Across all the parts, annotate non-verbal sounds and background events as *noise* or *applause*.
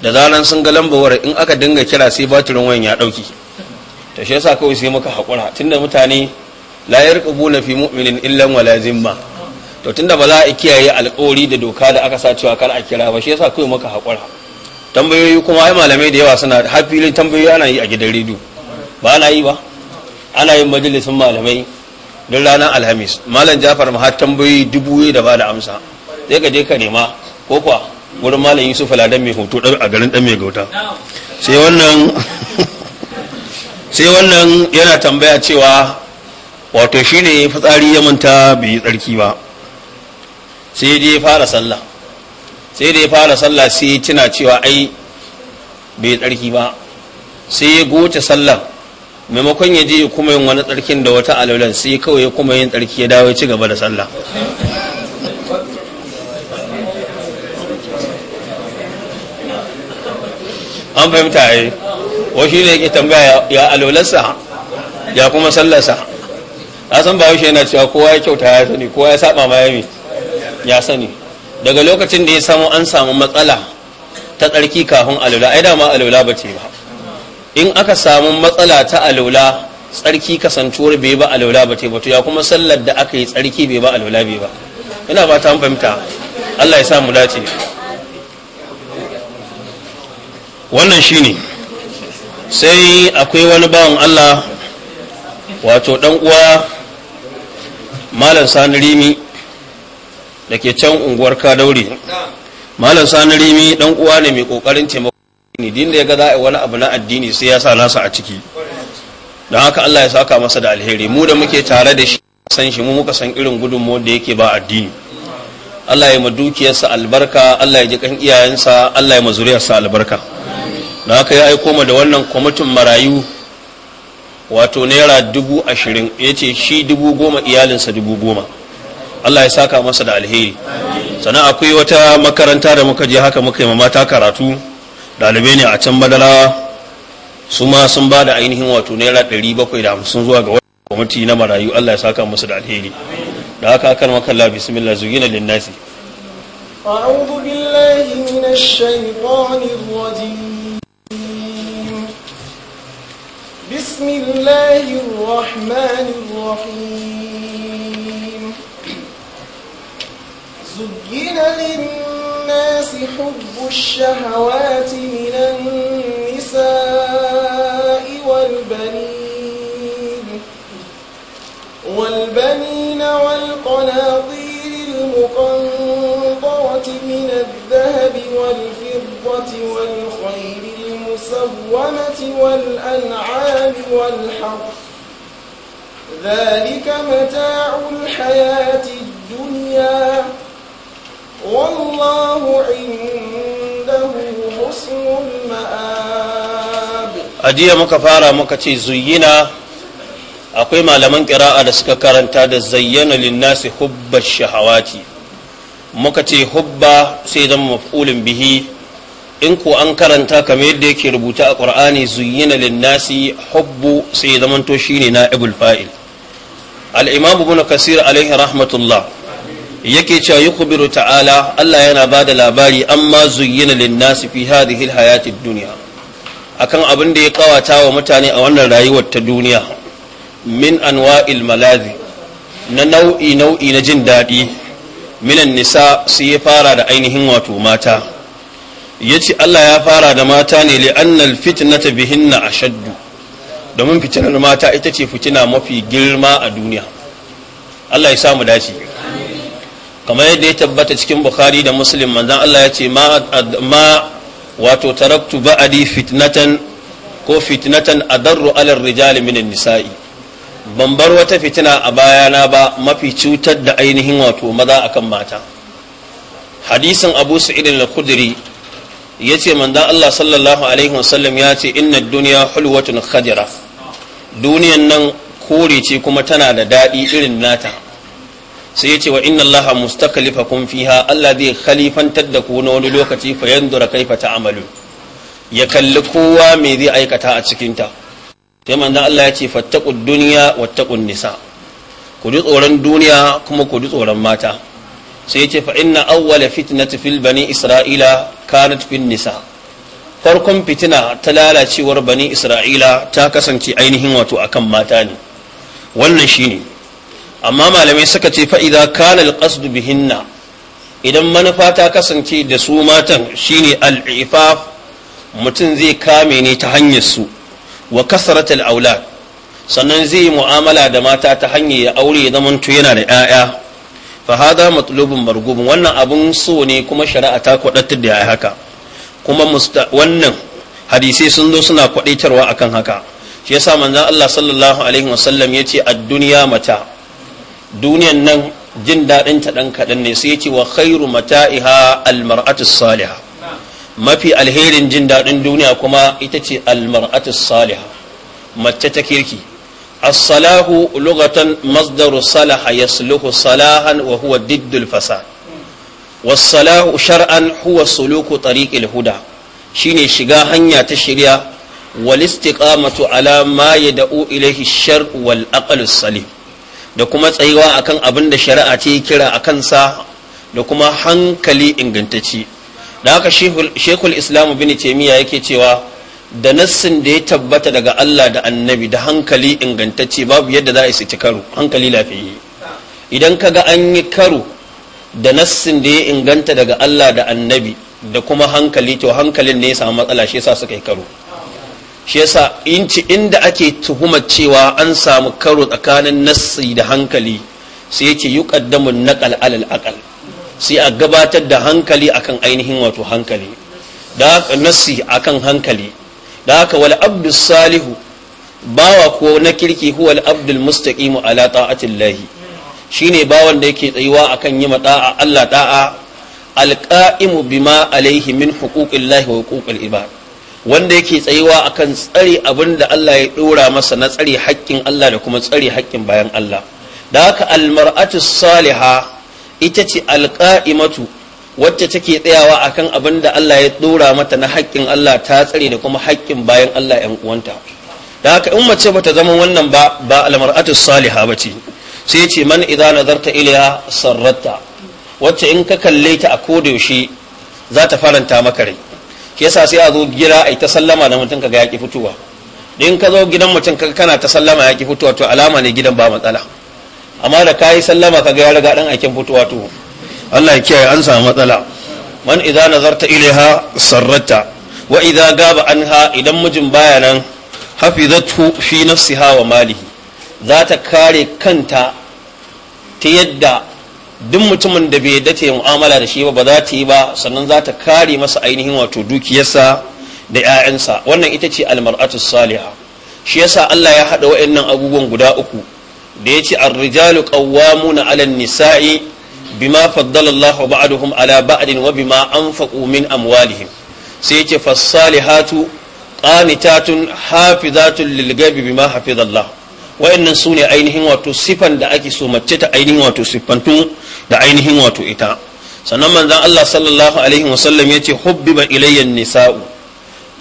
da zaran sun ga lambawar in aka dinga kira sai batirin wayan ya dauki ta shi yasa kawai sai muka hakura tunda mutane la yarqubuna fi mu'minin illa wala zimma to tunda ba za a kiyaye alƙawari da doka da aka sa cewa kar a kira ba shi yasa kawai muka hakura tambayoyi kuma ai malamai da yawa suna har filin tambayoyi ana yi a gidan rediyo ba ana yi ba ana yin majalisin malamai don ranar alhamis malam jafar ma har tambayoyi dubu da ba da amsa sai ka je ka nema ko kuwa wurin malam yusuf aladan mai hoto a garin dan mai gauta sai wannan yana tambaya cewa wato shine fitsari ya manta bai tsarki ba sai dai fara sallah sai dai fara sallah sai tuna cewa ai bai tsarki ba sai ya goce sallah maimakon ya je kuma yin wani tsarkin da wata alaulan sai kawai ya kuma yin tsarki ya dawo ya ci gaba da sallah an fahimta yi wa shi ne ke tambaya ya alolarsa ya kuma sallarsa a san ba wushe yana cewa kowa ya kyauta ya sani kowa ya saba ma yami ya sani daga lokacin da ya samu an samu matsala ta tsarki kafin alola ai dama alola ba ce ba in aka samu matsala ta alola tsarki kasantuwar bai ba alola ba ce ba to ya kuma sallar da aka yi tsarki bai ba alola bai ba ina ba ta fahimta Allah ya sa mu dace wannan shi ne sai akwai wani bawan Allah wato dan uwa malam sani rimi da ke can unguwar kadauri malam sani rimi dan uwa ne mai kokarin taimako ne din da ya ga za a wani abu na addini sai ya sa nasa a ciki don haka Allah ya saka masa da alheri mu da muke tare da shi san shi mu muka san irin gudunmu da yake ba addini Allah ya ma dukiyarsa albarka Allah ya ji kan iyayensa Allah ya ma zuriyarsa albarka da haka ya aiko ma da wannan kwamitin marayu wato naira dubu ashirin ya ce shi dubu goma iyalinsa dubu goma allah ya saka masa da alheri sannan akwai wata makaranta da muka je haka muka yi mata karatu ɗalibai ne a can madalawa su ma sun ba da ainihin wato naira ɗari bakwai da hamsin zuwa ga wata kwamiti na marayu allah ya saka masa da alheri da haka akan makalla bismillah zugina linnasi أعوذ بالله من الشيطان الرجيم بسم الله الرحمن الرحيم زين للناس حب الشهوات من النساء والبنين والبنين والقناطير المقنطرة من الذهب والفضة والقناطير والمسومة والأنعام والحرث ذلك متاع الحياة الدنيا والله عنده حسن المآب أدية مكفارة مكتي زينا akwai malaman ƙira'a da suka karanta da zayyana linnasi hubbar shahawati muka ce hubba sai zama maf'ulin bihi in ko an karanta kamar yadda yake rubuta a qur'ani zuyina linnasi hubbu sai zamanto shine na ibul fa'il al-imam ibn kasir alaihi rahmatullah yake cewa yukhbiru ta'ala Allah yana bada labari amma zuyyina linnasi fi hadhihi al-hayati ad-dunya akan abin da ya kawata wa mutane a wannan rayuwar ta duniya min anwa'il malazi na nau'i nau'i na jin daɗi minan nisa sai ya fara da ainihin wato mata ya ce Allah ya fara da mata ne li annal fitnata bihinna ashaddu domin fitinar mata ita ce fitina mafi girma a duniya Allah ya samu dace kamar yadda ya tabbata cikin bukhari da muslim manzon Allah ya ce ma wato taraktu ba'adi fitnatan ko fitnatan adarru alal rijali nisa'i ban bar wata fitina a bayana ba mafi cutar da ainihin wato maza akan mata hadisin abu sa'id al-khudri ya ce manzan Allah sallallahu alaihi wasallam ya ce inna duniya hulwatun khajira duniyan nan kore ce kuma tana da daɗi irin nata sai ya ce wa inna Allah mustaqlifa kun fiha Allah zai khalifantar da ku na wani lokaci fa yandura kaifa amalu ya kalli kowa me zai aikata a cikin ta sai manzan Allah ya ce fattaqud dunya wattaqun nisa ku ji tsoron duniya kuma ku ji tsoron mata sai yace fa inna awwala fitnati fil bani isra'ila kanat fin nisa farkon fitina ta lalacewar bani isra'ila ta kasance ainihin wato akan mata ne wannan shine amma malamai suka ce fa idza kana bihinna idan manufa ta kasance da su matan shine al-ifaf mutum zai kame ne ta hanyar su wa kasaratul aulad sannan zai yi mu'amala da mata ta hanyar ya aure ya zamanto yana da 'ya'ya fa matlubun margubun wannan abun so ne kuma shari'a ta kwadatar da ya haka kuma wannan hadisai sun zo suna kwadaitarwa akan haka shi yasa manzon Allah sallallahu alaihi wasallam yace ad-dunya mata duniyan nan jin dadin ta dan kadan ne sai yace wa khairu mata'iha al-mar'atu salihah mafi alherin jin dadin duniya kuma ita ce al-mar'atu salihah mace ta kirki as-salahu lughatan masdaru salaha yasluhu salahan wa huwa diddul fasad was-salahu shar'an huwa suluku tariqil huda shine shiga hanya ta shirya wal istiqamatu ala ma yad'u ilayhi ash-shar' wal aql da kuma tsayuwa akan abinda shari'a ce kira akan sa da kuma hankali ingantacci da haka shekul islamu bin taimiyya yake cewa da nassin da ya tabbata daga Allah da annabi da hankali ingantacce babu yadda za a isa karo hankali lafiyi idan ka ga an yi karo da nassin da ya inganta daga Allah da annabi da kuma hankali to hankalin ne ya samu matsala shi yasa suka yi karo shi yasa inci inda ake tuhumar cewa an samu karo tsakanin nassi da hankali sai yake yuqaddamu naqal alal aqal sai a gabatar da hankali akan ainihin wato hankali da nassi akan hankali da haka wal abdu salihu bawa ko na kirki huwa al abdul mustaqimu ala ta'atillahi shine bawan da yake tsayuwa akan yi da'a Allah da'a alqa'imu bima alaihi min huquqillahi wa huquqil ibad wanda yake tsayuwa akan tsare abin da Allah ya dora masa na tsare haƙƙin Allah da kuma tsare haƙƙin bayan Allah da haka al mar'atu salihah ita ce alqa'imatu wacce take tsayawa akan abin da Allah ya dora mata na haƙƙin Allah ta tsare da kuma haƙƙin bayan Allah ‘yan uwanta da haka in mace bata zama wannan ba ba almar'atu saliha bace sai ce man idza nazarta ilaiha sarratta wacce in ka kalle ta a koda yaushe za ta faranta maka rai ke yasa sai a zo gida ai ta sallama da mutum kaga yaki fitowa in ka zo gidan mutum kaga kana ta sallama yaki fitowa to alama ne gidan ba matsala amma da kayi sallama kaga ya riga dan aikin fitowa to Allah ya kiyaye an samu matsala man idza nazarta ilaiha sarrata wa idza gaba anha idan mijin baya nan hafizatu fi nafsiha wa malihi za ta kare kanta ta yadda duk mutumin da bai dace mu'amala da shi ba ba za ta yi ba sannan za ta kare masa ainihin wato dukiyarsa da 'ya'yansa wannan ita ce almar'atu saliha shi yasa Allah ya haɗa wa'annan abubuwan guda uku da ya ce arrijalu qawwamuna 'alan nisa'i bima faddalallahu ba'dahum ala ba'adin wa bima anfaqu min amwalihim sai yake fasalihatu qanitatun hafizatun lil ghaibi bima hafizallah wayannan sune ainihin wato sifan da ake so mace ta ainihin wato sifantu da ainihin wato ita sannan manzon Allah sallallahu alaihi ce yace hubbiba ilayya nisa'u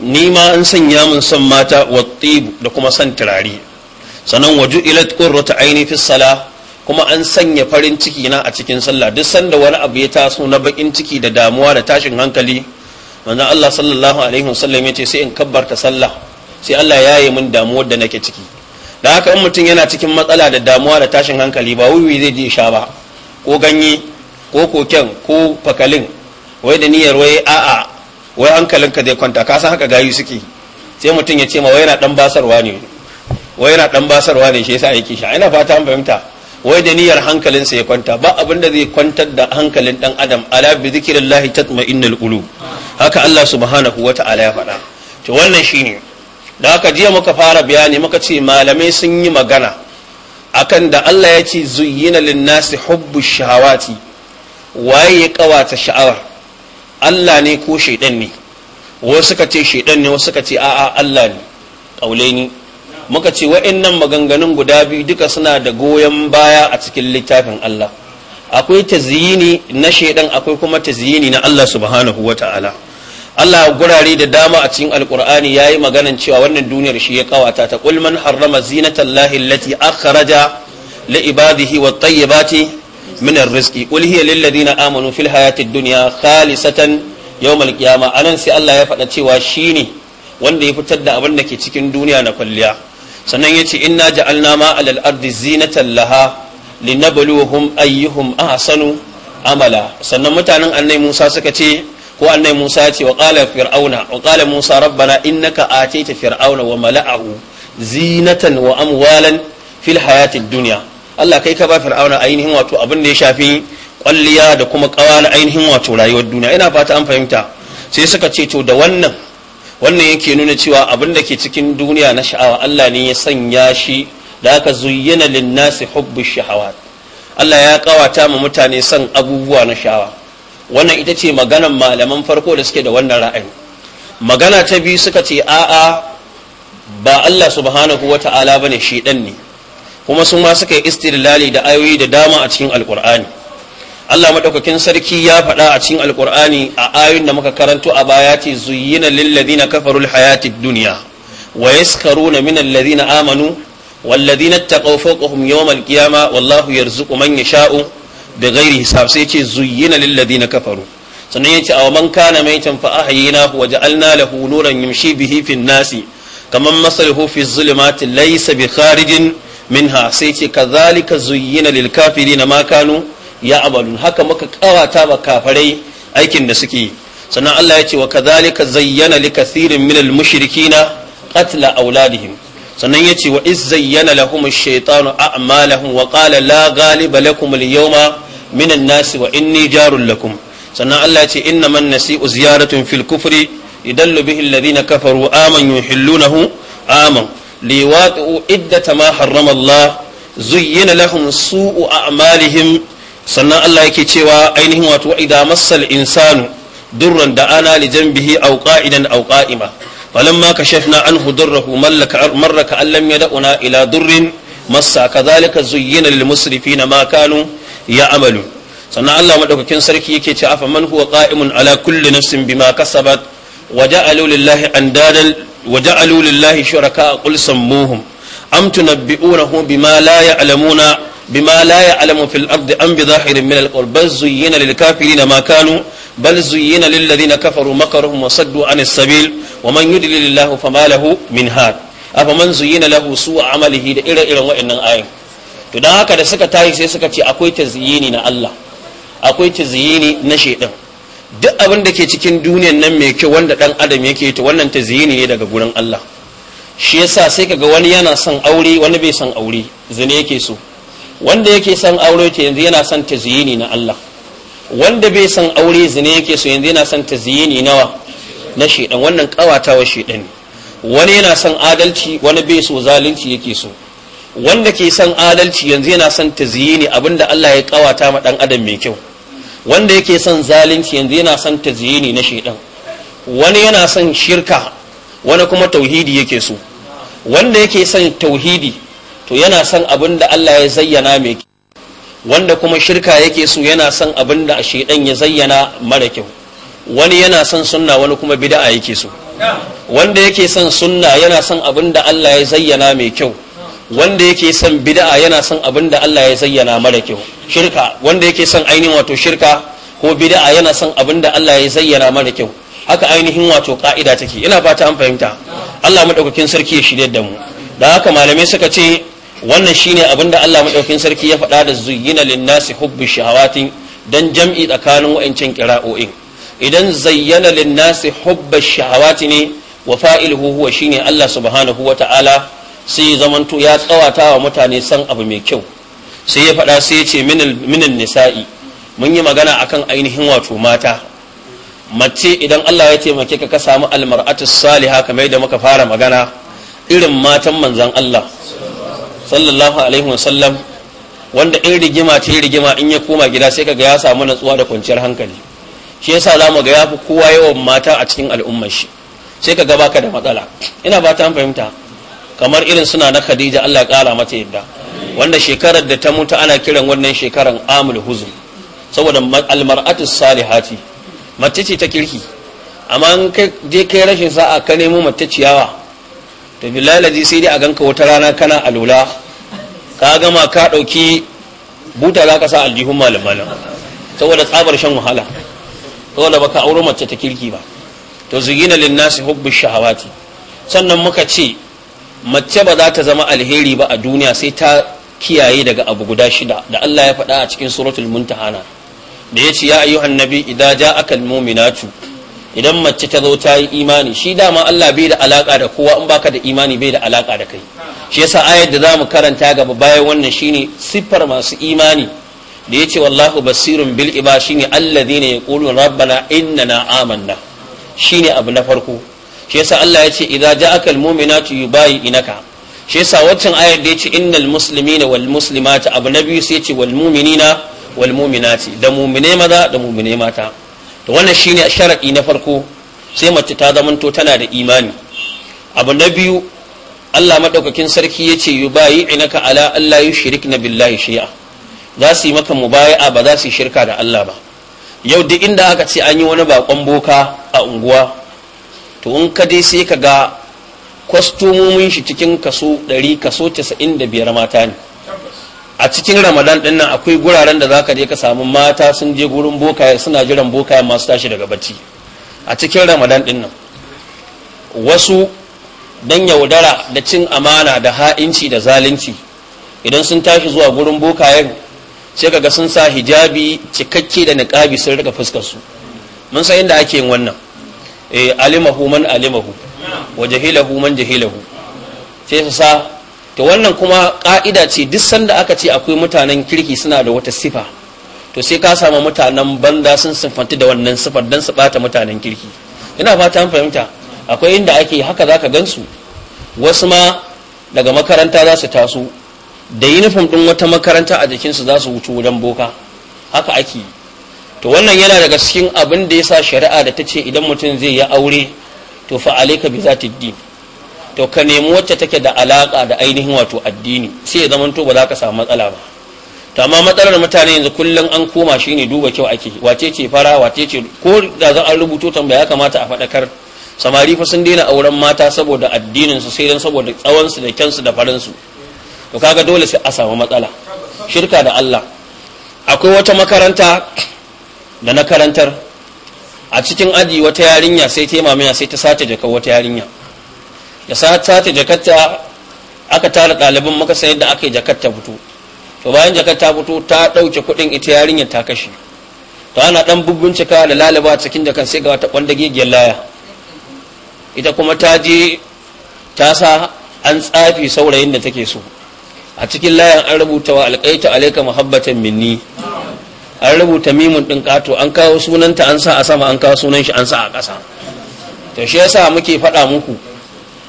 ni ma an sanya mun son mata wa da kuma son turare sannan waju ilat qurrata aini fi salah kuma an sanya farin ciki na a cikin sallah duk sanda wani abu ya taso na bakin ciki da damuwa da tashin hankali manzon Allah sallallahu alaihi wasallam ya ce sai in kabbarta sallah sai Allah ya yi min damuwar da nake ciki da haka in mutum yana cikin matsala da damuwa da tashin hankali ba wuyi zai je sha ba ko ganye ko koken ko fakalin wai da niyyar wai a'a wai hankalinka zai kwanta ka san haka gayu suke sai mutum ya ce ma wai yana dan basarwa ne wai yana dan basarwa ne shi yasa yake sha ina fata an fahimta wai da niyyar hankalinsa ya kwanta ba abin da zai kwantar da hankalin dan adam ala bi zikrillahi tatma'innul qulub haka Allah subhanahu wata'ala ya faɗa to wannan shine da aka jiya muka fara bayani muka ce malamai sun yi magana akan da Allah ya ce zuyyina lin-nasi hubbu shahawati waye ya kawata sha'awa Allah ne ko shaidan ne wasu suka ce shaidan ne wasu suka ce a'a Allah ne kaule ni muka ce wa'annan maganganun guda biyu duka suna da goyon baya a cikin littafin Allah akwai tazyini na shaidan akwai kuma tazyini na Allah subhanahu wata'ala Allah gurare da dama a cikin alkur'ani yayi maganan cewa wannan duniyar shi ya kawata ta qul man harrama zinatallahi allati akhraja li ibadihi wat tayyibati min arrizqi qul hiya lil ladina amanu fil hayati dunya khalisatan yawmal qiyamah anan sai Allah ya faɗa cewa shi ne wanda ya fitar da abin da ke cikin duniya na kwalliya sannan yace inna ja'alna ma alal ardi zinatan laha linabluwahum ayyuhum ahsanu amala sannan mutanen annabi Musa suka ce ko annabi Musa ya ce wa qala fir'auna wa qala Musa rabbana innaka atayta fir'auna wa mala'ahu zinatan wa amwalan fil hayatid dunya Allah kai ka ba fir'auna ainihin wato abin da ya shafi kwalliya da kuma kawa na ainihin wato rayuwar duniya ina fata an fahimta sai suka ce to da wannan wannan yake nuna cewa abin da ke cikin duniya na sha'awa Allah ne ya sanya shi da aka zuyyana linnasi hubbu shahawat Allah ya kawata ma mutane son abubuwa na sha'awa wannan ita ce maganar malaman farko da suke da wannan ra'ayi magana ta biyu suka ce a'a ba Allah subhanahu wata'ala bane shi dan ne kuma sun ma suka yi istidlali da ayoyi da dama a cikin alkur'ani Allah madaukakin sarki ya faɗa a cikin alkur'ani a ayoyin da muka karanto a baya ce zuyyina lil ladina kafaru hayatid dunya wa yaskaruna min alladhina amanu wal ladina taqaw fawqahum yawmal qiyamah wallahu yarzuqu man yasha'u bighairi hisab sai ce zuyyina lil ladina kafaru sannan yace aw man kana maytan fa ahyaynahu wa ja'alna lahu nuran yamshi bihi fin nasi kaman masaluhu fi zulumati laysa bi kharijin minha sai ce kadhalika zuyyina lil kafirina ma kanu ya amalun haka muka kawata ba kafarai aikin da suke yi sannan Allah ya ce wa kadhalika zayyana li kathirin min al katla qatla auladihim sannan ya ce wa iz zayyana lahum ash-shaytanu a'malahum wa qala la ghaliba lakum al yawma min an-nasi wa inni jarul lakum sannan Allah ya ce innaman nasi'u ziyaratun fil kufri idallu bihi alladhina kafaru aman yuhillunahu aman liwatu iddata ma harrama Allah zuyyina lahum su'u a'malihim sannan Allah yake cewa ainihin wato idza massal insanu durran da ana li janbihi aw qa'idan aw qa'ima falamma kashafna anhu durrahu mallaka marraka allam yad'una ila durrin massa kadhalika zuyyina lil musrifina ma kanu ya'malu sannan Allah madaukakin sarki yake cewa afa man huwa qa'imun ala kulli nafsin bima kasabat waja'alu lillahi andadan waja'alu lillahi shuraka qul sammuhum am tunabbi'unahu bima la ya'lamuna بما لا يعلم في الأرض أم بظاهر من القول بل زين للكافرين ما كانوا بل زين للذين كفروا مكرهم وصدوا عن السبيل ومن يدلل الله فما له من هاد أفمن زين له سوء عمله دا إلى إلى وإن آية to don haka da suka tayi sai suka ce akwai tazyini na Allah akwai tazyini na shaidan duk abin da ke cikin duniyan nan mai kyau wanda dan adam yake to wannan ta zini ne daga gurin Allah shi yasa sai kaga wani yana son aure wani bai son aure zane yake so wanda yake son aure ce yanzu yana son ziyini na Allah wanda bai son aure zina yake so yanzu yana son ziyini nawa na shedan wannan kawata wa shedan wani yana son adalci wani bai so zalunci yake so wanda ke son adalci yanzu yana son ziyini abinda Allah ya kawata ma dan adam mai kyau wanda yake son zalunci yanzu yana son ziyini na shedan wani yana son shirka wani kuma tauhidi yake so wanda yake son tauhidi to yana son abin da Allah ya zayyana mai kyau wanda kuma shirka yake so yana son abin da shaidan ya zayyana mara kyau wani yana son sunna wani kuma bid'a yake so wanda yake son sunna yana son abin da Allah ya zayyana mai kyau wanda yake son bid'a yana son abin da Allah ya zayyana mara kyau shirka wanda yake son ainihin wato shirka ko bid'a yana son abin da Allah ya zayyana mara kyau haka ainihin wato ka'ida take ina fata an fahimta Allah madaukakin sarki ya shirye da mu da haka malamai suka ce wannan shine abinda Allah madaukakin sarki ya faɗa da zuyyina lin-nasi hubbu shahawati dan jam'i tsakanin wa'ancan qira'o'in idan zayyana lin-nasi hubbu ne wa fa'iluhu huwa shine Allah subhanahu wata'ala sai zamanto ya tsawata wa mutane san abu mai kyau sai ya faɗa sai ya ce minin nisa'i mun yi magana akan ainihin wato mata mace idan Allah ya taimake ka ka samu almar'atu salihah kamar da muka fara magana irin matan manzon Allah sallallahu alaihi wasallam wanda in rigima ta rigima in ya koma gida sai kaga ya samu natsuwa da kwanciyar hankali shi yasa za mu ga yafi kowa yawan mata a cikin al'ummar shi sai kaga baka da matsala ina ba ta fahimta kamar irin suna na Khadija Allah ya kara mata yadda wanda shekarar da ta mutu ana kiran wannan shekarar amul huzun saboda almar'atu salihati mace ce ta kirki amma in kai je kai rashin sa'a ka nemo mace ciyawa to billahi sai dai a ganka wata rana kana alula ka gama ka ɗauki buta za ka sa aljihun malamana saboda tsabar shan wahala saboda ba ka auri mace ta kirki ba to zugina linnasi hubbu shahawati sannan muka ce mace ba za ta zama alheri ba a duniya sai ta kiyaye daga abu guda shida da Allah ya faɗa a cikin suratul muntahana da ya ce ya ayyuhan nabi idza ja'aka almu'minatu idan mace ta zo ta yi imani shi dama Allah bai da alaka da kowa in baka da imani bai da alaka da kai shi yasa ayar da zamu karanta gaba bayan wannan shine siffar masu imani da yace wallahu basirun bil iba shine alladhina yaquluna rabbana innana amanna shine abu na farko shi yasa Allah yace idza ja'akal mu'minatu inaka shi yasa waccan ayar da yace innal muslimina wal muslimati abu na biyu sai yace wal mu'minina wal mu'minati da mu'mine maza da mu'mine mata to wannan shine sharadi na farko sai mace ta zamanto tana da imani abu na biyu Allah madaukakin sarki ya ce yubayi inaka ala Allah na billahi shay'a za su yi maka mubaya'a ba za su yi shirka da Allah ba yau duk inda aka ce an yi wani bakon boka a unguwa to in ka dai sai ka ga kwastomomin shi cikin kaso 100 kaso 95 mata ne a cikin ramadan ɗin nan akwai guraren da zaka je ka samu mata sun je gurin bokaye suna jiran bokaye masu tashi daga bacci a cikin ramadan ɗin nan wasu don yaudara da cin amana da ha'inci da zalunci idan sun tashi zuwa gurin bokayen sai kaga sun sa hijabi cikakke da niqabi sun rika fuskar su mun san inda ake yin wannan eh alimahu man alimahu wa jahilahu man jahilahu sai su sa to wannan kuma ka'ida ce duk sanda aka ce akwai mutanen kirki suna da wata sifa to sai ka samu mutanen banza sun sifanti da wannan sifar don su bata mutanen kirki ina fata fahimta akwai inda ake haka za zaka gansu wasu ma daga makaranta za su taso da yunifom ɗin wata makaranta a jikinsu za su wuce wajen boka haka ake yi to wannan yana daga cikin abin da ya sa shari'a da ta ce idan mutum zai yi aure to fa ka bi ta din to ka nemi wacce take da alaka da ainihin wato addini sai ya zamanto ba za ka samu matsala ba to amma matsalar mutane yanzu kullum an koma shi ne duba kyau ake wace ce fara wace ce ko da za an rubuto tambaya ya kamata a faɗakar samari fa sun daina auren mata saboda addinin su sai dan saboda tsawon su da kyansu da farin su to kaga dole sai a samu matsala shirka da Allah akwai wata makaranta da na karantar a cikin aji wata yarinya sai ta yi mamaya sai ta sace jakar wata yarinya da sata ta jakarta aka tara ɗaliban maka sai da aka yi jakarta fito to bayan jakarta fito ta ɗauke kuɗin ita yarinyar ta kashe to ana ɗan cika da lalaba cikin jakan sai ga wata giyar laya ita kuma ta je ta sa an tsafi saurayin da take so a cikin layan an rubuta wa alƙaita alaika muhabbatan minni an rubuta mimun ɗin ƙato an kawo sunanta an sa a sama an kawo sunan shi an sa a ƙasa to shi yasa muke faɗa muku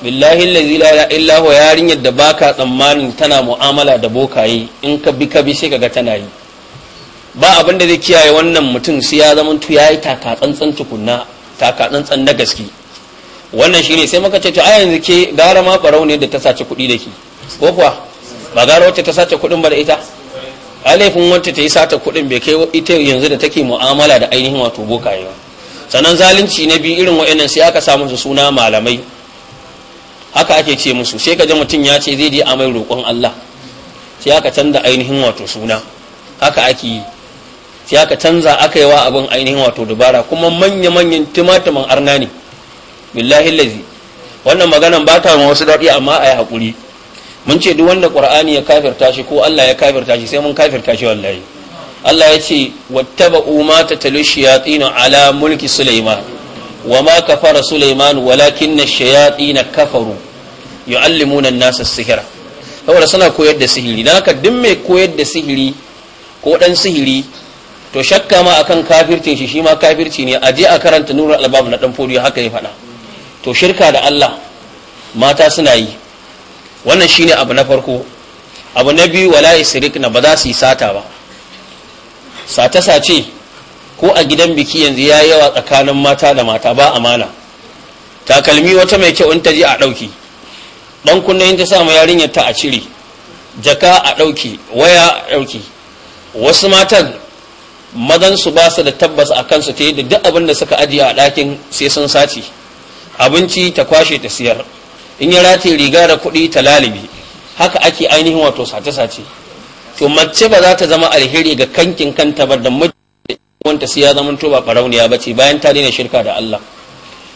billahi allazi la illa huwa yarinyar da baka tsammanin tana mu'amala da bokaye in ka bi ka bi sai kaga tana yi ba abin zai kiyaye wannan mutum sai ya zama tu yayi taka tsantsan tukunna taka tsantsan na gaske wannan shine sai muka ce to a yanzu ke gara ma barau ne da ta sace kuɗi da ke ko kuwa ba gara wacce ta sace kuɗin ba da ita alifin wacce ta yi sata kuɗin bai kai ita yanzu da take mu'amala da ainihin wato bokaye ba sannan zalunci na biyu irin wa'annan sai aka samu su suna malamai haka ake ce musu sai ka ji mutum ya ce zai je a mai roƙon Allah sai aka canza ainihin wato suna haka ake yi sai aka canza aka yi wa abin ainihin wato dubara kuma manya-manyan timatiman arna ne billahi lazi wannan maganan ba ta wasu daɗi amma a yi haƙuri mun ce duk wanda ƙur'ani ya kafirta shi ko Allah ya kafirta shi sai mun kafirta shi wallahi Allah ya ce wattaba umma ta ya shayatin ala mulki sulaiman wa ma kafara wala walakin ash na kafaru ya an-nasa as saboda suna koyar da sihiri dan haka duk mai koyar da sihiri ko dan sihiri to shakka ma akan kafircin shi shi ma kafirci ne aje a karanta nurul albab na dan haka ya faɗa to shirka da Allah mata suna yi wannan shine abu na farko abu na biyu wala yusrik na ba za su yi sata ba sata sace ko a gidan biki yanzu ya yawa tsakanin mata da mata ba amana takalmi wata mai kyau in ta ji a ɗauki ɗan kunne in ta samu yarinyar ta a cire jaka a ɗauki waya a ɗauki wasu matan mazan su ba su da tabbas a kansu ta da duk abin da suka ajiye a ɗakin sai sun sace abinci ta kwashe ta siyar in ya rataye riga da kuɗi ta lalibi haka ake ainihin wato sace-sace to mace ba za ta zama alheri ga kankin kanta ba da wanta sai ya zama to ba farauniya ba ce bayan ta daina shirka da Allah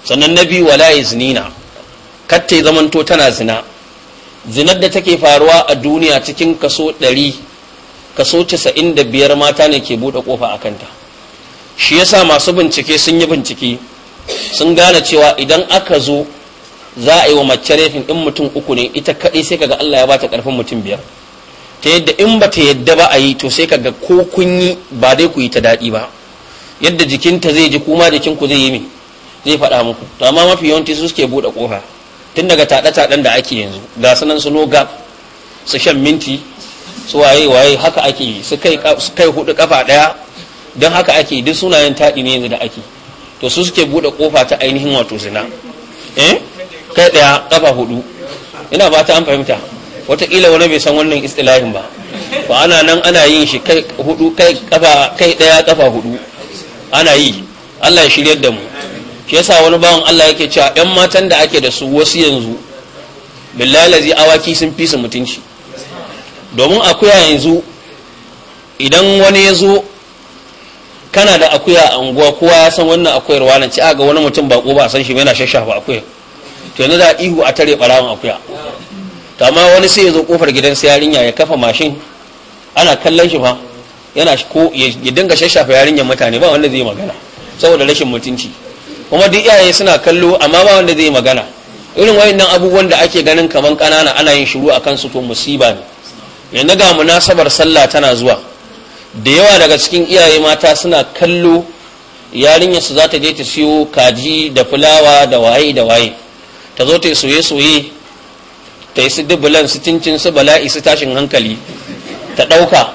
sannan na biyu wala iznina katta zaman to tana zina zinar da take faruwa a duniya cikin kaso 100 kaso 95 mata ne ke bude kofa a kanta shi yasa masu bincike sun yi bincike sun gane cewa idan aka zo za a yi wa mace rafin in mutum uku ne ita kaɗai sai kaga Allah ya bata karfin mutum biyar ta yadda in ba ta yadda ba a yi to sai kaga ko kun yi ba dai ku yi ta daɗi ba yadda jikinta zai ji kuma jikin ku zai yi mi zai faɗa muku to amma mafi yawanci su suke buɗe ƙofa tun daga taɗe-taɗen da ake yanzu ga sanan su gap su shan minti su waye waye haka ake yi su kai hudu kafa ɗaya don haka ake duk sunayen taɗi ne yanzu da ake to su suke buɗe ƙofa ta ainihin wato zina eh kai ɗaya kafa hudu ina ba ta an fahimta watakila wani bai san wannan istilahin ba ba ana nan ana yin shi kai hudu kai kafa kai daya kafa hudu ana yi Allah ya shiryar da mu shi yasa wani bawan Allah yake cewa yan matan da ake da su wasu yanzu billahi lazi awaki sun fi su mutunci domin akuya yanzu idan wani ya zo kana da akuya a unguwa kowa ya san wannan akuyar wani ci ga wani mutum bako ba san shi yana shashafa akuya to yanzu da ihu a tare barawon akuya ta ma wani sai ya zo kofar gidan sai yarinya ya kafa mashin ana kallon shi fa yana ko ya dinga shashafa yarinyar mutane ba wanda zai magana saboda rashin mutunci kuma duk iyaye suna kallo amma ba wanda zai magana irin wayannan abubuwan da ake ganin kaman kanana ana yin shiru akan su to musiba ne yanzu ga munasabar sallah tana zuwa da yawa daga cikin iyaye mata suna kallo yarinyar su za ta je ta siyo kaji da fulawa da waye da waye ta zo ta soye soye ta yi su dubulan su cincin su bala'i su tashin hankali ta ɗauka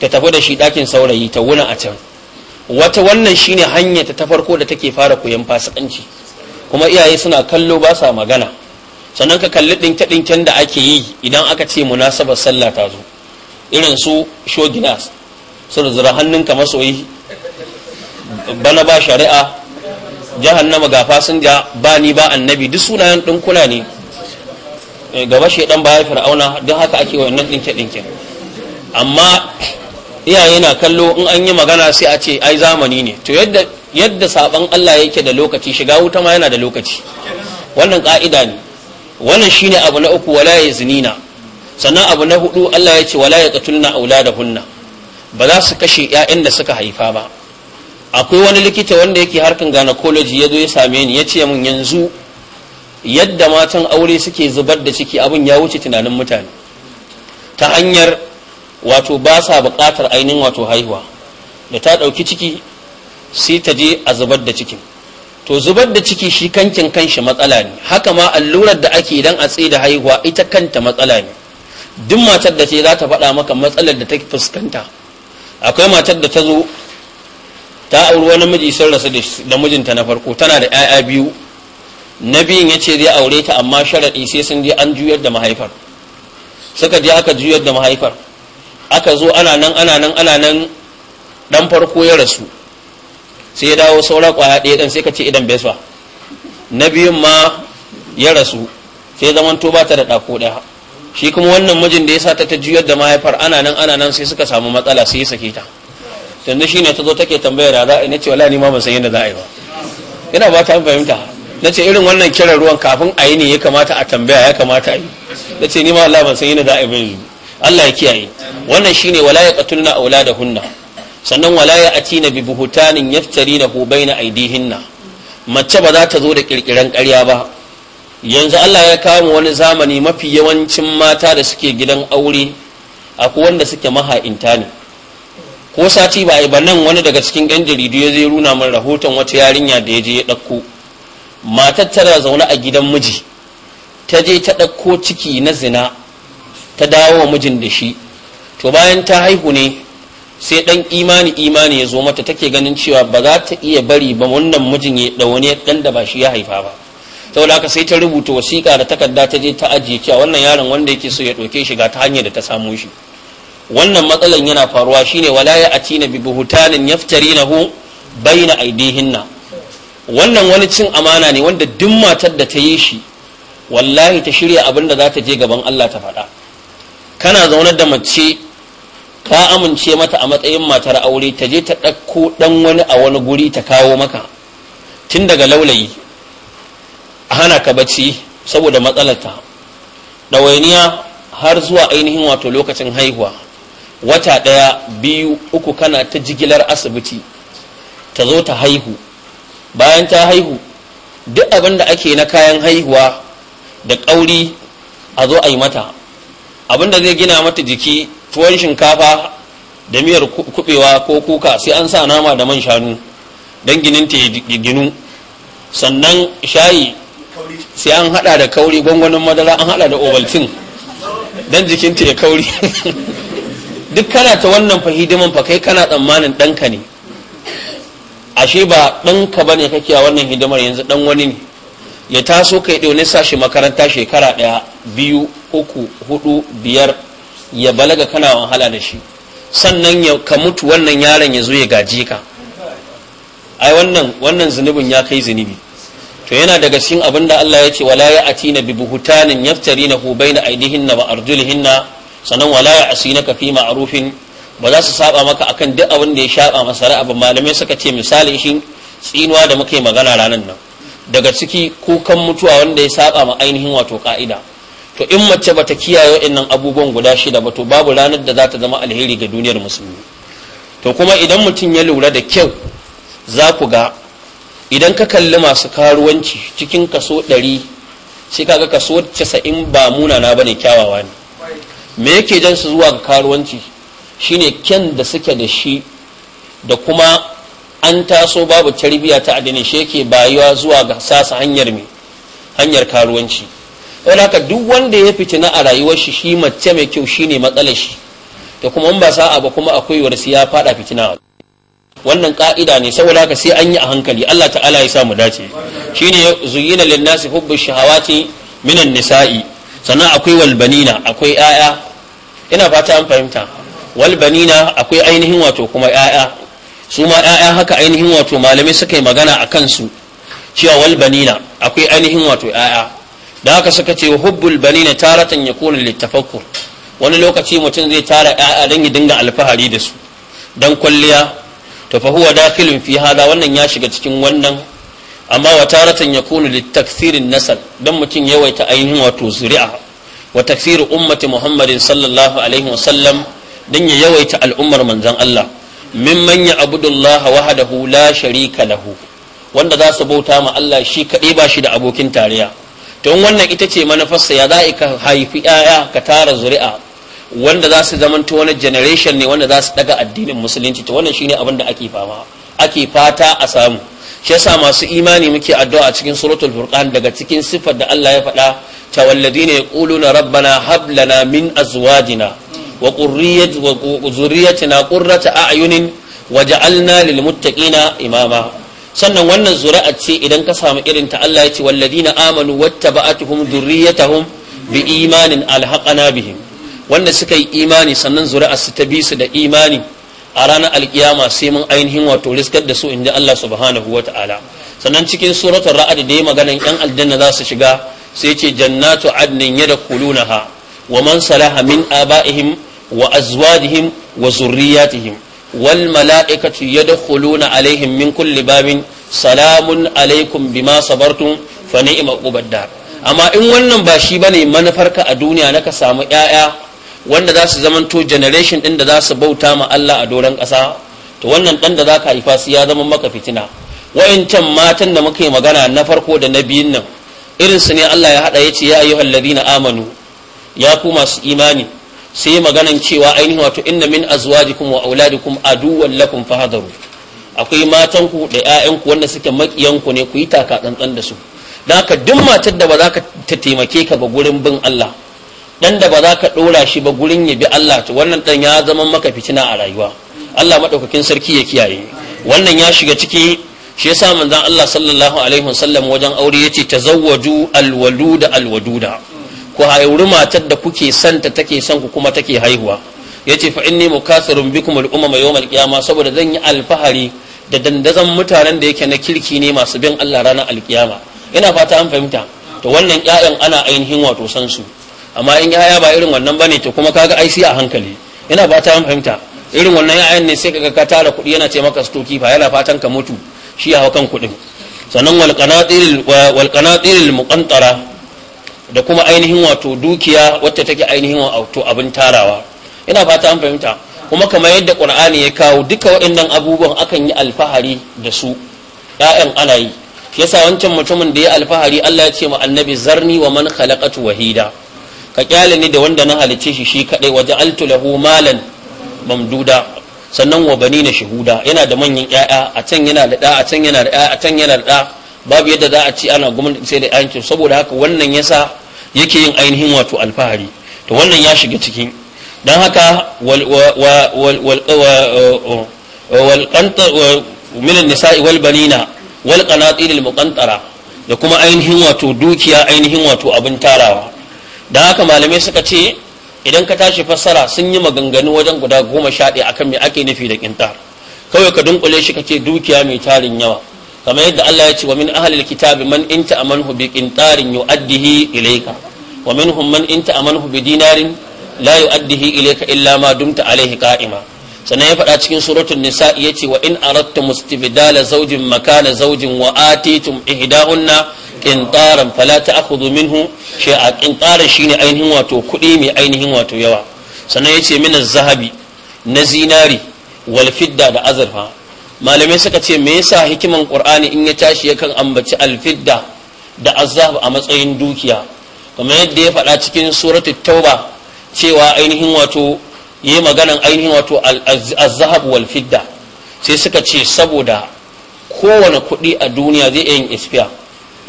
ta tafi da shi ɗakin saurayi ta wuna a can wata wannan shine hanya ta farko da take fara koyan fasikanci kuma iyaye suna kallo ba sa magana sannan ka kalli ɗinke-ɗinken da ake yi idan aka ce munasabar sallah ta zo irin su shoginas su zura ka masoyi bana ba shari'a jahannama ga fasinja ba ni ba annabi duk sunayen ɗinkuna ne Eh, gaba ɗan baya fir'auna don haka ake wannan dinke dinke amma iyaye na kallo in an yi magana sai a ce ai zamani ne to yadda yadda saban Allah yake da lokaci shiga wuta ma yana da lokaci wannan ka'ida ne wannan shine abu na uku wala yaznina sannan abu na hudu Allah ya ce wala yaqtulna auladahunna ba za su kashe ƴaƴan da suka haifa ba akwai wani likita wanda yake harkan gynecology ya zo ya same ni ya ce min yanzu yadda matan aure suke zubar da ciki abin ya wuce tunanin mutane ta hanyar wato ba sa buƙatar ainihin wato haihuwa da ta ɗauki ciki sai ta je a zubar da cikin to zubar da ciki shi kankin kanshi matsala ne haka ma allurar da ake idan a tsaye da haihuwa ita kanta matsala ne duk matar da ce za ta faɗa maka matsalar da ta fuskanta akwai matar da ta zo ta auri wani miji sun rasu da mijinta na farko tana da 'ya'ya biyu na biyun ya ce zai aure ta amma sharaɗi sai sun je an juyar da mahaifar suka je aka juyar da mahaifar aka zo ana nan ana nan ana nan dan farko ya rasu sai ya dawo saura kwaya ɗaya ɗan sai ka ce idan beswa na biyun ma ya rasu sai zaman to ba ta da ɗako ɗaya shi kuma wannan mijin da ya sa ta ta juyar da mahaifar ana nan ana nan sai suka samu matsala sai ya sake ta tunda ne ta zo take tambayar da za a yi na ce wala ni ma ban san yadda za a yi ba ina ba ta fahimta na ce irin wannan kiran ruwan kafin a yi ne ya kamata a tambaya ya kamata a yi na ce ni ma Allah ban san na za a yi Allah ya kiyaye wannan shi shine wala ya da hunna sannan wala ya na bi buhutanin na aidi aidihinna mace ba za ta zo da kirkiran karya ba yanzu Allah ya kawo wani zamani mafi yawancin mata da suke gidan aure a wanda suke maha'inta ne ko sati ba a yi ba nan wani daga cikin 'yan jaridu ya zai runa min rahoton wata yarinya da ya je ya ɗauko matar tana zaune a gidan miji ta je ta ɗauko ciki na zina ta dawo wa mijin da shi to bayan ta haihu ne sai ɗan imani imani ya zo mata take ganin cewa ba za ta iya bari ba wannan mijin ya wani ɗan da ba shi ya haifa ba saboda haka sai ta rubuta wasiƙa da takarda ta je ta ajiye cewa wannan yaron wanda yake so ya ɗauke shi ga ta hanyar da ta samo shi wannan matsalan yana faruwa shine wala ya tina bi buhutanin yaftari na hu baina aidihinna wannan wani cin amana ne wanda duk matar da ta yi shi wallahi ta shirya abin da za ta je gaban Allah ta faɗa kana zaunar da mace ka amince mata a matsayin matar aure ta je ta ɗauko ɗan wani a wani guri ta kawo maka tun daga laulayi a hana ka bacci saboda matsalarta ɗawainiya har zuwa ainihin wato lokacin haihuwa wata ɗaya biyu uku kana ta jigilar asibiti ta zo ta haihu bayan ta haihu duk abin da ake na kayan haihuwa da ƙauri a zo a yi mata abin da zai gina mata jiki tuwon shinkafa da miyar kubewa ko kuka sai an sa nama da man shanu don ginin ta yi ginu sannan shayi sai an hada da kauri gwangwanin madara an hada da ovaltin don jikinta ya kauri *laughs* duk kana ta wannan fahidiman fa kai kana tsammanin ɗanka ne ashe ba ɗanka ba ne kake a wannan hidimar yanzu ɗan wani ne ya taso kai ɗau ne sashi makaranta shekara ɗaya biyu uku hudu biyar ya balaga kana wahala da shi sannan ya ka mutu wannan yaron ya zo ya gaji ka ai wannan wannan zunubin ya kai zunubi to yana daga cikin abin da Allah ya ce wala ya atina bi buhutanin yaftari yaftarina hu baina aidihinna wa arjulihinna sanan wala ya na fi ma'rufin ba za su saba maka akan duk abin da ya shaba masa ra'a ba malamai suka ce misali shi tsinuwa da muke magana ranar nan daga ciki kukan mutuwa wanda ya saba ma ainihin wato ka'ida to in mace bata kiyaye wa'annan abubuwan guda shida ba to babu ranar da za ta zama alheri ga duniyar musulmi to kuma idan mutum ya lura da kyau za ku ga idan ka kalli masu karuwanci cikin kaso ɗari sai kaga kaso casa'in ba munana ba ne kyawawa ne me yake jan su zuwa ga karuwanci shine kyan da suke da shi da kuma an taso babu tarbiyya ta addini shi yake bayuwa zuwa ga sasa hanyar mai hanyar karuwanci yau haka duk wanda ya fitina a rayuwar shi shi mace mai kyau shine matsalar shi da kuma in ba sa'a ba kuma akwai warsi ya fada fitina wannan ka'ida ne saboda haka sai an yi a hankali Allah ta'ala ya sa mu dace shine zuyina lin nasi hubbu shahawati minan nisa'i sannan akwai walbanina akwai 'ya'ya ina fata an fahimta walbanina akwai ainihin wato kuma ya'ya su ma haka ainihin wato malamai suka yi magana a kansu cewa walbanina akwai ainihin wato ya'ya da haka suka ce hubbul banina taratan yakunu littafakkur wani lokaci mutum zai tara ya'ya dan ya dinga alfahari da su dan kwalliya to fa huwa fi hada wannan ya shiga cikin wannan amma wa taratan yakunu litakfirin nasal dan mutum yawaita ainihin wato zuri'a wa taksirin ummati muhammadin sallallahu alaihi wasallam dan ya yawaita al'ummar manzan Allah mimman ya abudullah wahdahu la sharika lahu wanda za su bauta ma Allah shi kaɗai ba shi da abokin tarayya to wannan ita ce manufarsa ya za ka haifi 'ya'ya ka tara zuri'a wanda za su zamanto wani generation ne wanda za su daga addinin musulunci to wannan shine abin da ake fama ake fata a samu shi yasa masu imani muke addu'a a cikin suratul furqan daga cikin sifar da Allah ya faɗa tawalladina yaquluna rabbana hab lana min azwajina wa na ƙurrata zuriyatina qurrata a'yunin waja'alna imama sannan wannan zuri'a ce idan ka samu irin ta Allah ya ce walladina amanu wattaba'atuhum dhurriyyatahum bi imanin alhaqana bihim wanda suka yi imani sannan zuri'a su ta bi su da imani a ranar alkiyama sai mun ainihin wato riskar da su inda Allah subhanahu wata'ala sannan cikin suratul ra'ad da ya magana yan aljanna za su shiga sai ce jannatu adnin yadkhulunaha wa man salaha min aba'ihim wa azwajihim wa zurriyatihim wal mala'ikatu yadkhuluna alaihim min kulli babin salamun alaikum bima sabartum fa ni'ma amma in wannan ba shi bane manufarka a duniya naka samu yaya wanda za su zamanto generation din da za su bauta ma Allah a doron ƙasa to wannan dan da zaka haifa su ya zama maka fitina wa'incan matan da muka magana na farko da na biyun nan irin su ne Allah ya hada ce ya ayyuhal ladina amanu ya ku masu imani sai maganan cewa ainihin wato inna min azwajikum wa auladikum aduwwan lakum fahadaru akwai matanku da yayanku wanda suke makiyan ku ne ku yi taka tsantsan da su dan haka duk matar da ba za ka ta taimake ka ba gurin bin Allah dan da ba za ka dora shi ba gurin ya bi Allah to wannan dan ya zama maka fitina a rayuwa Allah madaukakin sarki ya kiyaye wannan ya shiga ciki shi yasa manzon Allah sallallahu alaihi wasallam wajen aure yace alwalu da alwaduda ku haihuri matar da kuke santa take son ku kuma take haihuwa yace fa inni mukasirun bikum al yawm al qiyama saboda zan yi alfahari da dandazon mutanen da yake na kirki ne masu bin Allah ranar alkiyama ina fata an fahimta to wannan 'ya'yan ana ainihin wato san su amma in yaya ba irin wannan bane to kuma kaga ai sai a hankali ina fata an fahimta irin wannan 'ya'yan ne sai kaga ka tara kuɗi yana ce maka stoki fa yana fatan ka mutu shi ya hawa kan kuɗin sannan wal qanatil wal qanatil muqantara da kuma ainihin wato dukiya wacce take ainihin wato abin tarawa ina fata an fahimta kuma kamar yadda qur'ani ya kawo duka waɗannan abubuwan akan yi alfahari da su ya'yan ana yi shi yasa wancan mutumin da ya alfahari Allah ya ce ma annabi zarni wa man khalaqatu wahida ka kyale ni da wanda na halice shi shi kadai waje altu lahu malan mamduda sannan wa banina na yana da manyan ƴaƴa a can yana da ɗa a can yana da a can yana da ɗa. babu yadda za a ci ana gwamnati sai da yankin saboda haka wannan yasa yake yin ainihin wato alfahari to wannan ya shiga cikin don haka minan nisa'i wal banina wal qanatir muqantara da kuma ainihin wato dukiya ainihin wato abin tarawa don haka malamai suka ce idan ka tashi fassara sun yi maganganu wajen guda goma sha ɗaya akan me ake nufi da kintar kawai ka dunkule shi ka ce dukiya mai tarin yawa kamar yadda Allah ya ce wa min ahlil kitabi man inta amanhu bi qintarin yu'addihi ilayka wa minhum man inta amanhu bi dinarin la yu'addihi ilayka illa ma dumta alayhi qa'ima sannan ya faɗa cikin suratul nisa ya ce wa in aradtum istibdala zawjin makana zawjin wa atitum ihdahunna qintaran fala ta'khudhu minhu shay'a qintaran shine ainihin wato kuɗi mai ainihin wato yawa sannan ya ce min zahabi na zinari wal fidda da azurfa malamai suka ce me yasa hikiman qur'ani in ya tashi yakan ambaci alfidda da azab a matsayin dukiya kamar yadda ya faɗa cikin suratu tauba cewa ainihin wato yi maganan ainihin wato azab wal fidda sai suka ce saboda kowane kuɗi a duniya zai iya yin isfiya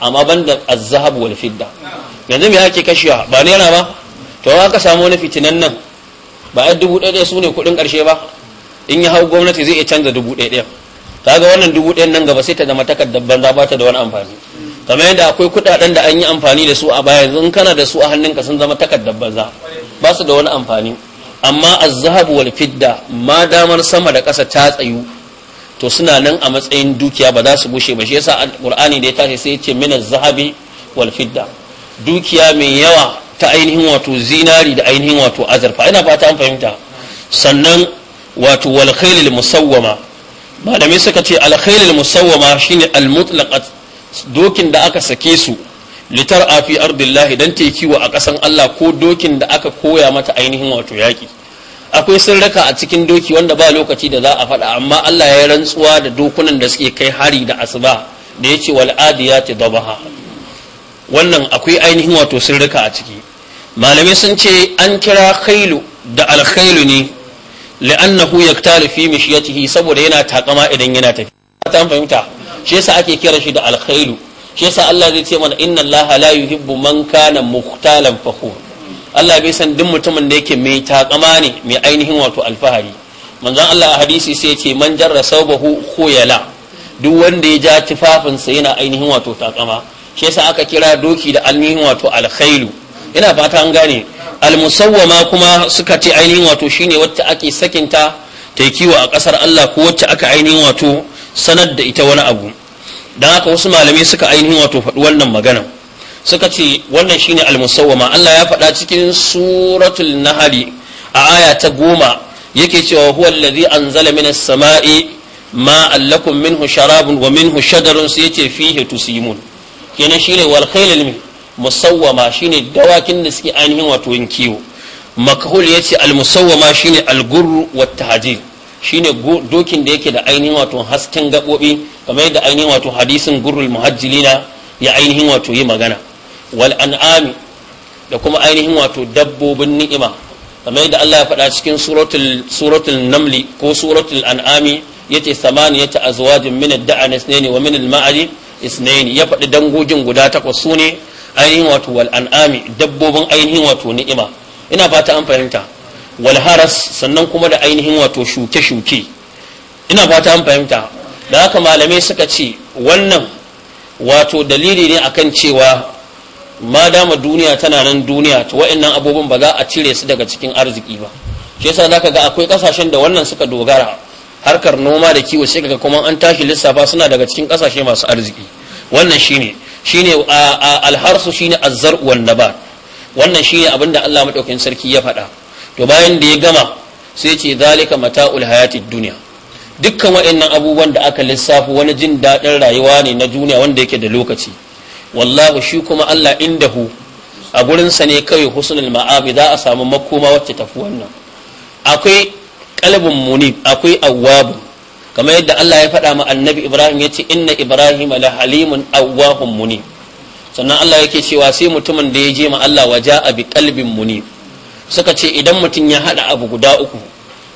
amma banda azab wal fidda yanzu me yake kashewa ba naira ba to ka samu wani fitinan nan ba ai dubu ɗaya su ne kuɗin ƙarshe ba in ya hau gwamnati zai iya canza dubu ɗaya ɗaya ga wannan dubu ɗaya nan gaba sai ta zama takardar banza ba ta da wani amfani kamar yadda akwai kuɗaɗen da an yi amfani da su a baya yanzu in kana da su a hannunka sun zama takardar banza ba su da wani amfani amma zahabu wal fidda ma damar sama da ƙasa ta tsayu to suna nan a matsayin dukiya ba za su bushe ba shi yasa qur'ani da ya tashi sai ya ce min zahabi wal fidda dukiya mai yawa ta ainihin wato zinari da ainihin wato azurfa ina fata an fahimta sannan wato wal musawwama malamai suka ce al musawwama shine al dokin da aka sake su litar afi ardillahi dan ta kiwo a kasan Allah ko dokin da aka koya mata ainihin wato yaki akwai sirraka a cikin doki wanda ba lokaci da za a faɗa amma Allah ya rantsuwa da dokunan da suke kai hari da asuba da yace ce wal adiyati dabaha wannan akwai ainihin wato sirrika a ciki malamai sun ce an kira khailu da alkhailu ne li'annahu shi ya ciki saboda yana takama idan yana tafi ta fahimta shi yasa ake kira shi da alkhairu shi yasa Allah zai ce mana inna Allah la yuhibbu man kana muhtalan fakhur Allah bai san duk mutumin da yake mai takama ne mai ainihin wato alfahari manzon Allah a hadisi sai ya ce man jarra sawbahu khuyala duk wanda ya ja tufafinsa yana ainihin wato takama shi yasa aka kira doki da ainihin wato alkhailu. ina fata an gane almusawwama kuma suka ce ainihin wato shine wacce ake sakinta ta yi kiwo a ƙasar Allah ko wacce aka ainihin wato sanar da ita wani abu dan haka wasu malamai suka ainihin wato faɗi wannan magana suka ce wannan shine almusawwama Allah ya faɗa cikin suratul nahli a aya ta goma yake cewa huwa allazi anzala minas sama'i ma'an lakum minhu sharabun wa minhu shadarun sai yace fihi tusimun kenan shine wal khailal min musawwama shine dawakin da suke ainihin wato yin kiwo makahul ya ce almusawwama shine algurru wa tahajir shine dokin da yake da ainihin wato hasken gabobi kamar yadda ainihin wato hadisin gurrul muhajjilina ya ainihin wato yi magana wal an'ami da kuma ainihin wato dabbobin ni'ima kamar yadda Allah ya faɗa cikin suratul suratul namli ko suratul an'ami yace samaniyata azwajin min ad-da'an ne wa min al-ma'ari isnayn ya faɗi dangogin guda takwas sune ainihin wato wal an'ami dabbobin ainihin wato ni'ima ina fata an fahimta wal haras sannan kuma da ainihin wato shuke shuke ina fata an fahimta da haka malamai suka ce wannan wato dalili ne akan cewa ma dama duniya tana nan duniya to wa'annan abubuwan ba za a cire su daga cikin arziki ba shi yasa zaka ga akwai kasashen da wannan suka dogara harkar noma da kiwo sai kaga kuma an tashi lissafa suna daga cikin kasashe masu arziki wannan shine shine alharsu shine azzar wan nabat wannan shine abin da Allah madaukakin sarki ya faɗa to bayan da ya gama sai ce zalika mata'ul hayatid dunya dukkan waɗannan abubuwan da aka lissafo wani jin daɗin rayuwa ne na duniya wanda yake da lokaci wallahi shi kuma Allah indahu a gurinsa ne kawai husnul ma'abi za a samu makoma wacce tafi wannan akwai kalbin munib akwai awwabu kamar yadda Allah ya faɗa ma annabi Ibrahim ya ce inna Ibrahim la halimun awwahum muni sannan Allah yake cewa sai mutumin da ya je ma Allah waja a bi kalbin muni suka ce idan mutum ya haɗa abu guda uku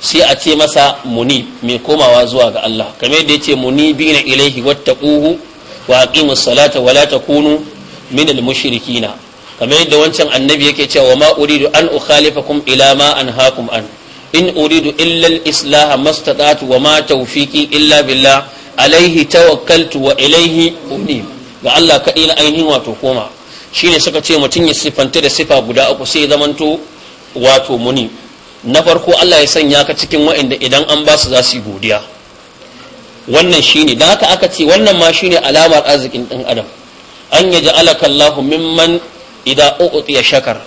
sai a ce masa muni mai komawa zuwa ga Allah kamar yadda ya ce muni bina ilaihi wattaquhu wa aqimus salata wa la takunu minal mushrikina kamar yadda wancan annabi yake cewa ma uridu an ukhalifakum ila ma anhaakum an in uridu illa al-islah mastata'tu wa ma tawfiqi illa billah alaihi tawakkaltu wa ilayhi uni ga Allah kaɗai na ainihin wato koma shine suka ce mutum ya sifanta da sifa guda uku sai zamanto wato muni na farko Allah ya sanya ka cikin wa'inda idan an ba su za su yi godiya wannan shine dan haka aka ce wannan ma shine alamar arzikin ɗan adam an yaji alakallahu mimman idan u'tiya shakar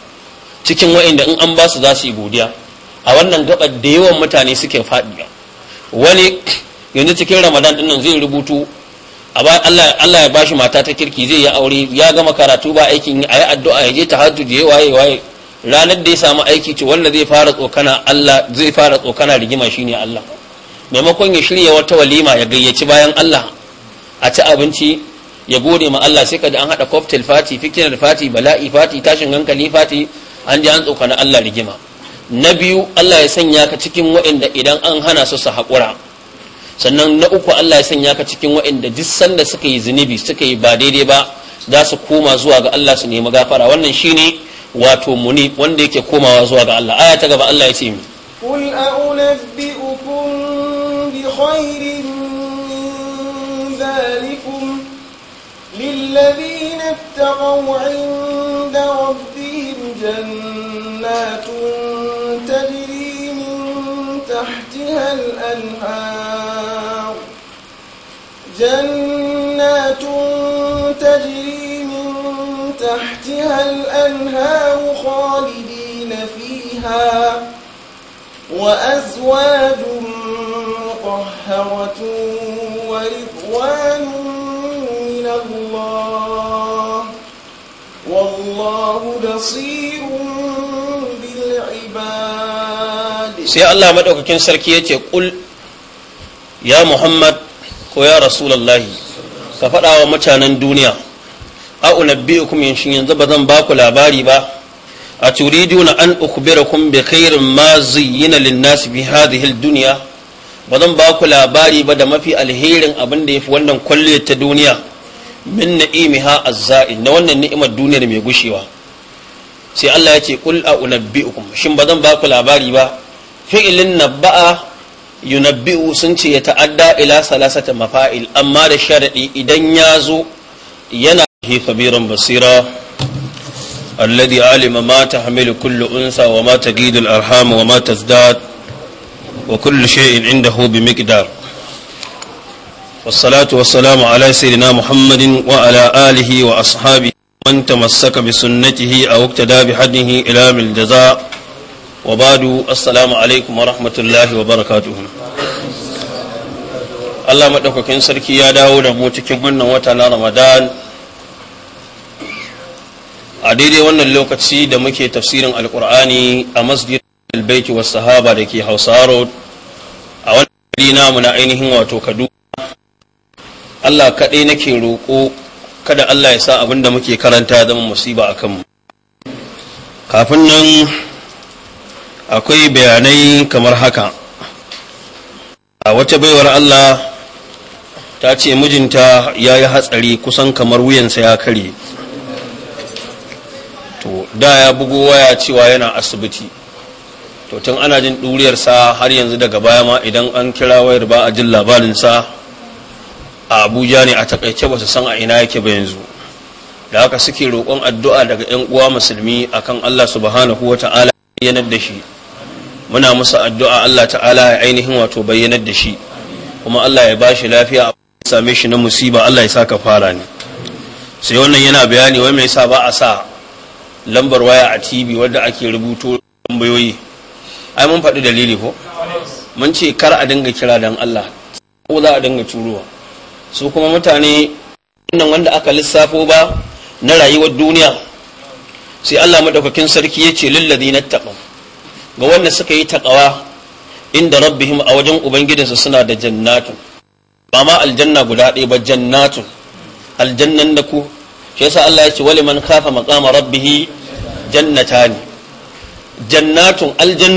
cikin wa'inda in an ba su za su yi godiya a wannan gabar da yawan mutane suke faɗiya wani yanzu cikin ramadan din zai rubutu Allah ya bashi mata ta kirki zai yi aure ya gama karatu ba aikin yi a yi addu'a ya je tahajjud ya waye waye ranar da ya samu aiki ce wanda zai fara tsokana Allah zai fara tsokana rigima shine Allah maimakon ya shirya wata walima ya gayyaci bayan Allah a ci abinci ya gode ma Allah sai kaji an hada cocktail fati fikinar fati bala'i fati tashin hankali fati an ji an tsokana Allah rigima na biyu Allah ya sanya ka cikin waɗanda idan an hana su su haƙura sannan na uku Allah ya sanya ka cikin waɗanda duk sanda suka yi zunubi suka yi ba daidai ba za su koma zuwa ga Allah su nemi gafara wannan shine wato muni wanda yake komawa zuwa ga Allah aya ta gaba Allah ya ce mi qul a'unabbi'ukum bi khairin min zalikum للذين اتقوا 'inda rabbihim jannatun الأنهار جنات تجري من تحتها الأنهار خالدين فيها وأزواج مطهرة ورضوان من الله والله بصير sai Allah maɗaukakin sarki ya ce ƙul ya Muhammad ko ya Rasulallahi ka faɗa wa mutanen duniya a unabbi'ukum yanshin yanzu ba zan ba ku labari ba a turiduna an kun bi khairin ma zayyana lin bi hadhihi duniya ba zan ba ku labari ba da mafi alherin abin da yafi wannan kwalliyar ta duniya min na'imiha azza'in na wannan ni'imar duniyar mai gushewa sai Allah ya ce kul a unabbi'ukum shin ba zan ba ku labari ba fi'ilin nabba'a yunabbi'u sun ce ya ta'adda ila salasata mafa'il amma da sharadi idan ya zo yana hi kabiran basira alladhi alima ma tahmilu kullu unsa wa ma tagidu al-arham wa ma tazdad wa kullu shay'in indahu bi miqdar والصلاة والسلام على سيدنا محمد وعلى من تمسك بسنته اقتدى وبعد السلام عليكم ورحمة wa وبركاته Allah maɗaukakin sarki ya dawo da mu cikin wannan wata na Ramadan a daidai wannan lokaci da muke tafsirin alkur'ani a masjid albaiki wa sahaba da ke hausa road a wannan gari namu na ainihin wato kaduna Allah kaɗai nake roƙo kada Allah ya sa abin da muke karanta zama musiba a kanmu kafin nan akwai bayanai kamar haka a wata baiwar Allah ta ce mijinta ya yi hatsari kusan kamar wuyansa ya kare to da ya bugo waya cewa yana asibiti to tun ana jin ɗuriyarsa har yanzu daga baya ma idan an kira wayar ba a jin labarinsa a abuja ne a takaice ba su san a ina yake ba yanzu da haka suke roƙon addu'a daga 'yan uwa musulmi akan allah subhanahu wata'ala ta'ala yanar da shi muna musu addu'a Allah ta'ala ya ainihin wato bayyanar da shi kuma Allah ya ba shi lafiya a same shi na musiba Allah ya sa ka fara ne sai wannan yana bayani wai mai sa ba a sa lambar waya a TV wadda ake rubuto tambayoyi ai mun faɗi dalili ko mun ce kar a dinga kira dan Allah ko za a dinga turuwa su kuma mutane wannan wanda aka lissafo ba na rayuwar duniya sai Allah madaukakin sarki ya ce lillazi na ga wanda suka yi taqawa inda rabbihim a wajen ubangijinsu suna da jannatun ba ma aljanna guda ɗaya ba jannatun aljannan da ku shi yasa Allah ya ce wali man kafa maqama rabbih ne jannatun aljanna